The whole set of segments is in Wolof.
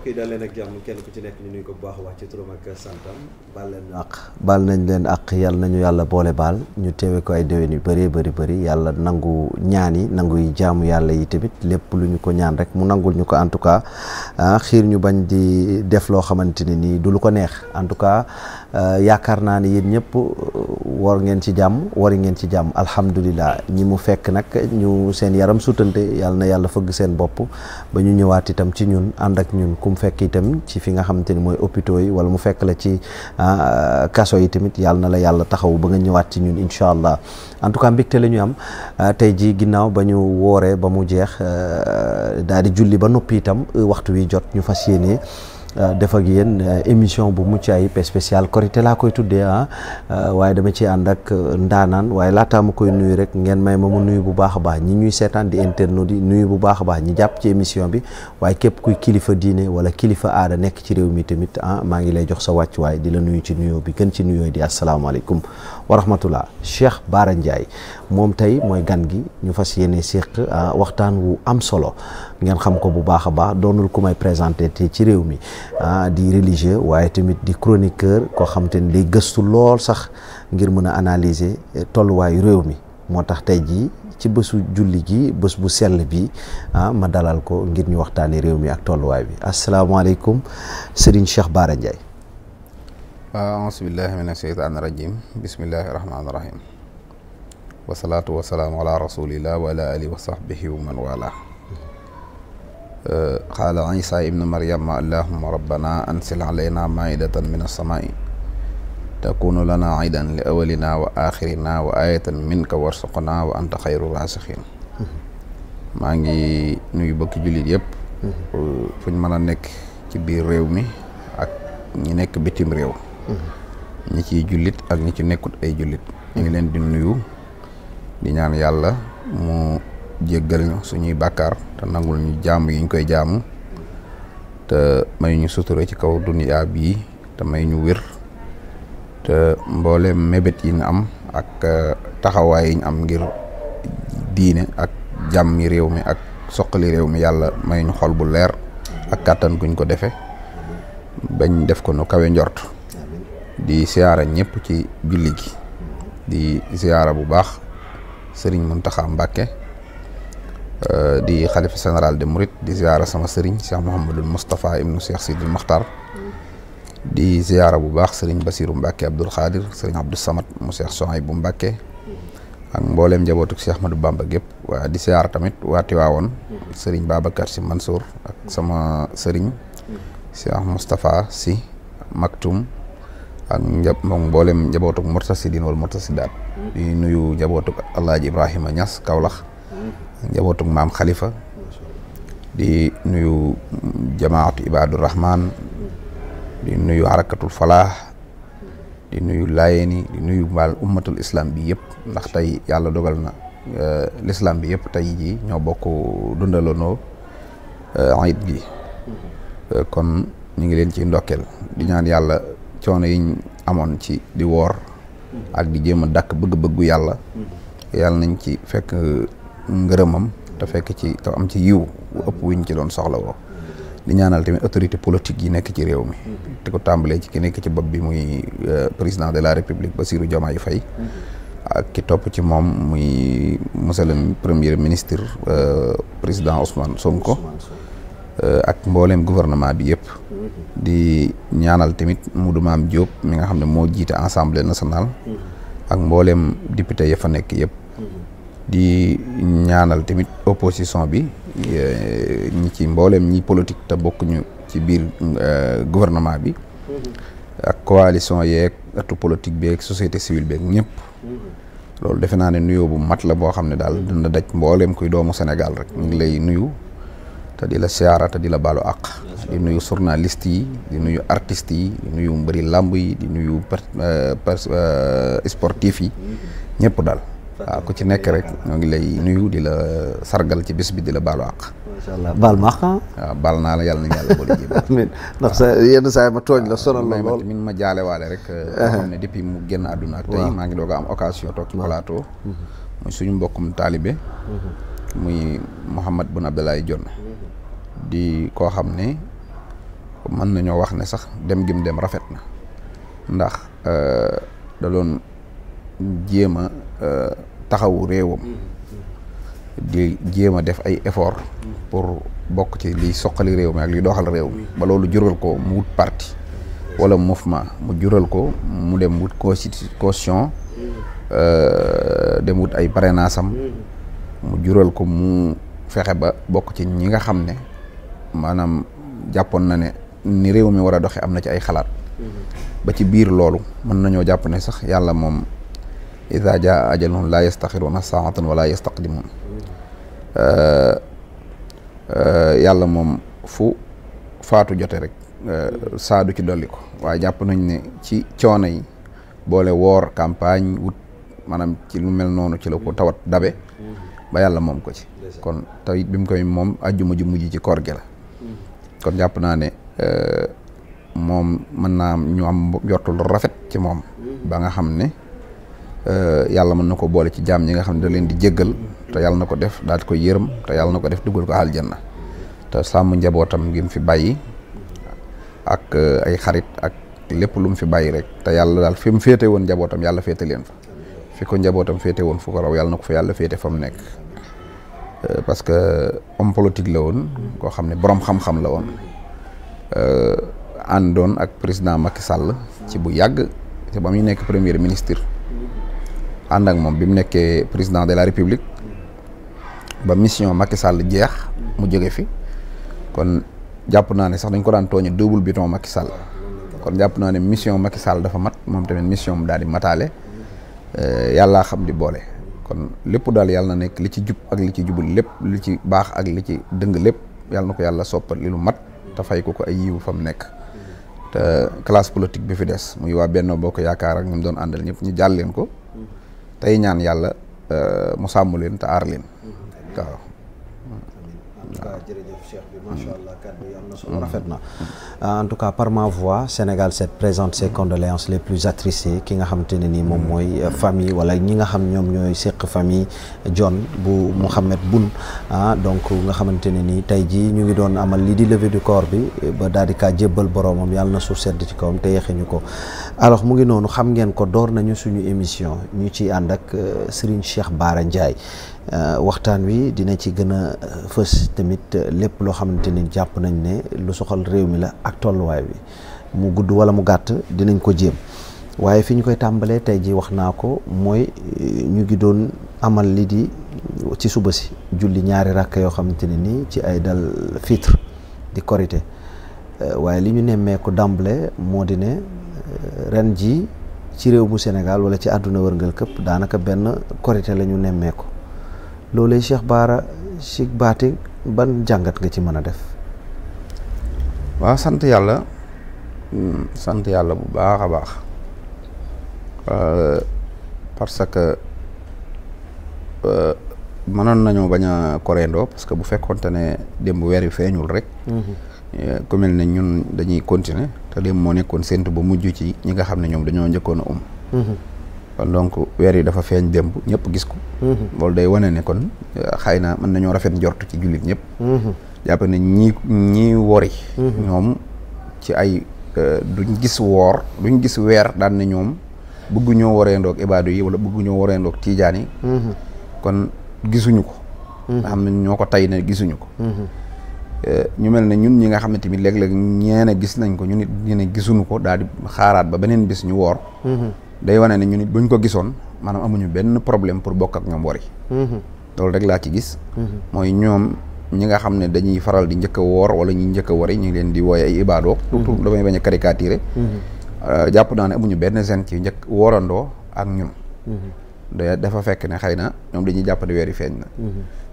mbokk yi daal leen ak jàmm ku ci nekk ñu nuyu ko bu baax baal nañ leen àq yàlla nañu yàlla boole baal ñu teewe ko ay déwén yu bëree bëri bëri yàlla nangu ñaan yi nangu yi jaamu yàlla yi tamit lépp lu ñu ko ñaan rek mu nangul ñu ko en tout cas ah, xiir ñu bañ di def loo xamante ne nii du lu ko neex en tout cas Euh, yaakaar naa ne yéen ñëpp euh, war ngeen ci jàmm wari ngeen ci jàmm alhamdulilah ñi mu fekk nag ñu seen yaram sutante yàlla na yàlla fëgg seen bopp ba ñu ñëwaat itam ci ñun ànd ak ñun ku mu fekk itam ci fi nga xamante ni mooy hôpitaux yi wala mu fekk la ci ah, kaso yi tamit yàlla na la yàlla taxawu ba nga ñëwaat ci ñun incha allah en tout cas mbégte la ñu am euh, tey jii ginnaaw ba ñu wooree ba mu jeex daal di julli ba noppi itam waxtu wi jot ñu fas yéenee Euh, def ak yéen euh, émission bu mucc ayib spécial Korité laa koy tuddee ah euh, waaye dama ci ànd ak ndaanaan waaye laataa ma koy nuyu rek ngeen may ma mu nuyu bu baax a baax ñi ñuy seetaan di internautes yi nuyu bu baax a baax ñi jàpp ci émission bi waaye képp kuy kilifa diine wala kilifa aada nekk ci réew mi tamit ah maa ngi lay jox sa wàcc waaye di la nuyu ci nuyoo bi gën ci nuyoo di asalaamaaleykum wa rahmatullah Cheikh Bara Ndiaye moom tey mooy gan gi ñu fas yéene séq ah, waxtaan wu am solo ngeen xam ko bu baax a baax doonul ku may présenté te ci réew mi ah, di religieux waaye tamit di chroniqueur koo xam te ni day gëstu lool sax ngir mën a analyser tolluwaayu réew mi moo tax tey jii ci bësu julli gi bës bu sell bi ah ma dalal ko ngir ñu waxtaanee réew mi ak tolluwaay bi asalaamaaleykum Serigne Cheikh Bara Ndiaye. aousubillahi min asheytaan irajim bismillahi irahmanirahim wasalaatu wasalaamu ala rasulillah wa ala alihi wa sahbihi wa man wala uh, qaala isa ibnu maryama allahuma rabbana ansil alayna maidatan min alsamaai takunu lana idan li awalina wa axirina wa ayatan minka warsuqna wa anta xayru raasiqin maa ngi nuyu bokki jullit yëpp mm-hmm. uh, fuñ mën a nekk ci biir réew mi ak ñi nekk bitim réew ñi ciy jullit ak ñi ci nekkut ay jullit ñu ngi leen di nuyu di ñaan yàlla mu jéggal ñu suñuy bakkaar te nangul ñu jaamu yi koy jaamu te may ñu sutura ci kaw duniyaa bii te may ñu wér te mboole mébét yi am ak eh, taxawaay yi am ngir diine ak yi réew mi ak soqali réew mi yàlla may ñu xol bu leer ak kàttan guñ ko defe bañ def ko nu kawe njort di siyaara ñëpp ci julli gi di siyaara bu baax sëriñ Muntaxa Mbàkke euh, di xalifa général de Murit di siyaara sama sëriñ Cheikh Mouhamadul Moustapha ibnu Cheikh Sidil Maxtar di siyaara bu baax sëriñ Basiru Mbàkke Abdul Xaadir sëriñ Abdou Samad mu Cheikh Sohay bu Mbàkke ak mbooleem njabootuk Cheikh Ahmadou Bamba gépp waa di siyaara tamit waa Tiwaawoon sëriñ Babacar Si Mansour ak sama sëriñ Cheikh mustafa Si Maktum ak njab moom mboolem njabootuk murtasidin wal murtasidaat di nuyu njabootuk alaaji Ibrahima Niass Kaolack njabootuk maam Khalifa di nuyu jamaatu Ibaadu Rahman di nuyu harakatul falaax di nuyu laayeen yi di nuyu mbaal ummatul islam bi yëpp ndax tey yàlla dogal na eh, l'islam bi yëpp tey jii ñoo bokk dundalanoo ayit eh, gi eh, kon ñu ngi leen ci ndokkeel di ñaan yàlla coono ñu amoon ci di woor ak di jéem a dàkk bëgg-bëggu yàlla yàlla nañ ci fekk ngërëmam te fekk ci te am ci yiw bu ëpp wiñ ci doon soxla woo di ñaanal tamit autorité politique yi nekk ci réew mi te ko tàmbalee ci ki nekk ci bopp bi muy euh, président de la république ba Bassirou Diomaye Faye ak ki topp ci moom muy monsieur le premier ministre euh, président Ousmane Sonko Euh, ak mbooleem gouvernement bi yëpp di ñaanal tamit Modou Mame Diop mi nga xam ne moo jiite assemblée nationale mm-hmm. ak mbooleem député yi fa nekk yëpp mm-hmm. di ñaanal tamit opposition bi euh, ñi ci mbooleem ñi politique te bokkuñu ci biir euh, gouvernement bi mm-hmm. ak coalition yeeg atu politique beeg société civile beeg ñëpp loolu defe naa ne nuyoo bu mat la boo xam ne daal dina daj mbooleem kuy doomu Sénégal rek ñu ngi lay nuyu te di la siyaara te di la baalu àq di nuyu journaliste yi di nuyu artist yi di nuyu mbëri làmb yi di nuyu euh, euh, sportif yi ñëpp daal waaw ku ci nekk rek ñoo ngi lay nuyu di la sargal ci bés bi di la baalu àq incha allah baal ma ah? naa la yàlla na yàlla boole jéem. amiin ndax sa yenn saa ma tooñ la sonal la lool min ma jaale waale rek. Euh, eh. xam depuis mu génn àdduna ak tey maa ngi doog a am occasion toog ci plateau. Mm-hmm. muy suñu mbokkum taalibe. Mm-hmm. muy Mouhamad Boun Abdallah Dionne. di koo xam ne mën nañoo wax ne sax dem gim dem rafet na ndax euh, da doon jéem a euh, taxawu réewam di jéem a def ay effort pour bokk ci liy soqali réew mi ak liy doxal réew mi ba loolu jural ko mu wut parti wala mouvement mu jural ko mu dem wut constitution euh, dem wut ay parrainage am mu jural ko mu fexe ba bokk ci ñi nga xam ne maanaam jàppoon na ne ni réew mi war a doxe am na ci ay xalaat ba ci biir loolu mën nañoo jàpp ne sax yàlla moom iza jaa ajaluhum laa yastaxiruuna saatan wala yastaqdimuun euh, euh, yàlla moom fu faatu jote rek euh, saadu ci dolli ko waaye jàpp nañ ne ci coono yi boole woor campagne wut maanaam ci lu mel noonu ci la ko tawat dabe ba yàlla moom ko ci kon tawit bi mu koy moom ajjuma ju mujj ci koor la kon jàpp naa ne euh, moom mën naa ñu am jortul rafet ci moom. ba nga xam ne euh, yàlla man na ko boole ci jaam ñi nga xam ne da leen di jéggal te yàlla na ko def daal di ko yërëm te yàlla na ko def dugal ko aljanna te sàmm njabootam gi fi bàyyi ak euh, ay xarit ak lépp lu mu fi bàyyi rek te yàlla daal fi mu féete woon njabootam yàlla féete leen fa fi ko njabootam féete woon fu ko raw yàlla na ko fa yàlla féete fa mu nekk. Euh, parce que homme politique la woon. koo xam ne borom xam-xam la woon. Euh, àndoon ak président Macky Sall. ci bu yàgg te ba muy nekk premier ministre. ànd ak moom bi mu nekkee président de la république. ba mission Macky Sall jeex. mu jóge fi kon jàpp naa ne sax dañ ko daan tooñe double biton Macky Sall. kon jàpp naa ne mission Macky Sall dafa mat moom tamit mission mu daal di mataale. Euh, yàllaa xam di boole. kon lépp daal yàlla na nekk li ci jub ak li ci jubul lépp li ci baax ak li ci dëng lépp yàlla na ko yàlla soppal li lu mat te fay ko ko ay yiw fa mu nekk te classe politique bi fi des muy waa benn Benno Bokk Yaakaar ak ñoom doon àndal ñëpp ñu jàll leen ko tey ñaan yàlla euh, mu sàmm leen te aar leen mm-hmm. waaw jërëjëf Cheikh bi macha mm-hmm. allah kàddu yi am na solo mm-hmm. rafet na en tout cas par ma voix Sénégal 7 présente ses condoléances les plus attristées ki nga xam te ne nii moom mm-hmm. mooy euh, famille wala ñi nga xam ñoom ñooy seq famille John bu Mouhamed Boun ah donc nga xamante ne nii tey jii ñu ngi doon amal lii di levée du corps bi ba daal di kaa jébbal boroomam yàlla na su sedd ci kaw te yexe ñu ko alors mu ngi noonu xam ngeen ko door nañu suñu émission ñu ci ànd ak euh, Serigne Cheikh Bara Ndiaye euh, waxtaan wi dina lépp loo xamante ni jàpp nañ ne lu soxal réew mi la ak tolluwaay bi mu gudd wala mu gàtt dinañ ko jéem waaye fi ñu koy tàmbalee tey ji wax naa ko mooy eh, ñu ngi doon amal li di ci suba si julli ñaari rakk yoo xamante ne nii ci ay dal fitre di korité eh, waaye li ñu nemmeeku dàmbale moo di ne eh, ren ji ci réew mu Sénégal wala ci àdduna wërngal këpp daanaka benn korité la ñu nemmeeku loolee Cheikh Baara Cheikh Baati ban jàngat nga ci mën a def waaw sant yàlla hmm, sant yàlla bu baax a baax euh, parce que euh, mënoon nañu bañ a koreendoo parce que bu fekkonte ne démb weer yu feeñul rek mhm. euh, ku mel ne ñun dañuy continuer te démb moo nekkoon séntu ba mujj ci ñi nga xam ne ñoom dañoo njëkkoon a um mhm. kon donc weer yi dafa feeñ démb ñëpp gis ko mhm. loolu day wane ne kon eh, xëy na mën nañoo rafet njort ci jullit ñëpp mhm. jàpp ne ñi ñi wori mhm. ñoom ci ay eh, duñ gis woor duñ gis weer daan na ñoom bëggu ñoo waree ndoog ibaadu yi wala bëggu ñoo waree ndoog tiijaan yi kon gisuñu ko nga xam ne ñoo ko tay ne gisuñu ko eh, ñu mel ne ñun ñi nga xam ne tamit léeg-léeg ñeene gis nañ ko ñu nit ñeene gisuñu ko daal di xaaraat ba beneen bis ñu woor day wane ne ñu nit ñu ko gisoon maanaam amuñu benn problème pour bokk ak ñoom wari mm-hmm. loolu rek laa ci gis mm-hmm. mooy ñoom ñi nga xam ne dañuy faral di njëkk woor wala ñuy njëkk a ñu ngi leen di wooye ay ibaadoo surtout mm-hmm. damay bañ a caricaturer euh, jàpp naa ne amuñu benn gene ci njëkk woorandoo ak ñun da dafa fekk ne xëy na ñoom dañuy jàpp weer yi feeñ na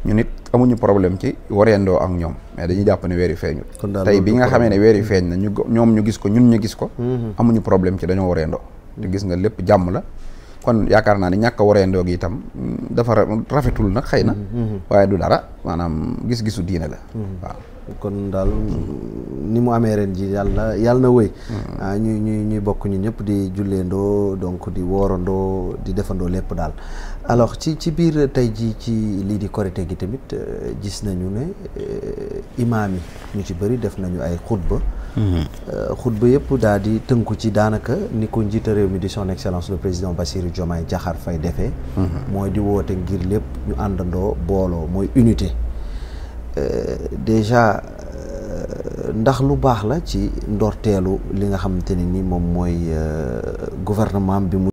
ñu nit amuñu problème ci wareendoo ak ñoom mais dañuy jàpp ne weer yi feeñut tey bi nga xamee ne weer yi feeñ na ñu ñoom ñu gis ko ñun ñu gis ko amuñu problème ci dañoo wareendoo te gis nga lépp jàmm la kon yaakaar naa ni ñàkk a waree ndoog itam mm, dafa rafetul nag xëy na mm-hmm, mm-hmm. waaye du dara maanaam gis-gisu diine la mm-hmm. waaw kon daal mm, ni mu amee ren ji yàlla yàlla na wéy ah, ñuy ñuy ñuy bokk ñu ñëpp di julleendoo donc di woorandoo di defandoo lépp daal alors ci ci biir tey ji ci lii di korité gi tamit euh, gis nañu ne euh, imaam yi ñu ci bari def nañu ay xutba Euh, xutba yëpp daal di tënku ci daanaka ni ko njiita réew mi di son excellence le président Bassirou Diomaye jaxaar fay defee mhm. mooy di woote ngir lépp ñu àndandoo booloo mooy unité euh, déjà euh, ndax lu baax la ci ndoorteelu li nga xamante ne ni moom mooy gouvernement bi mu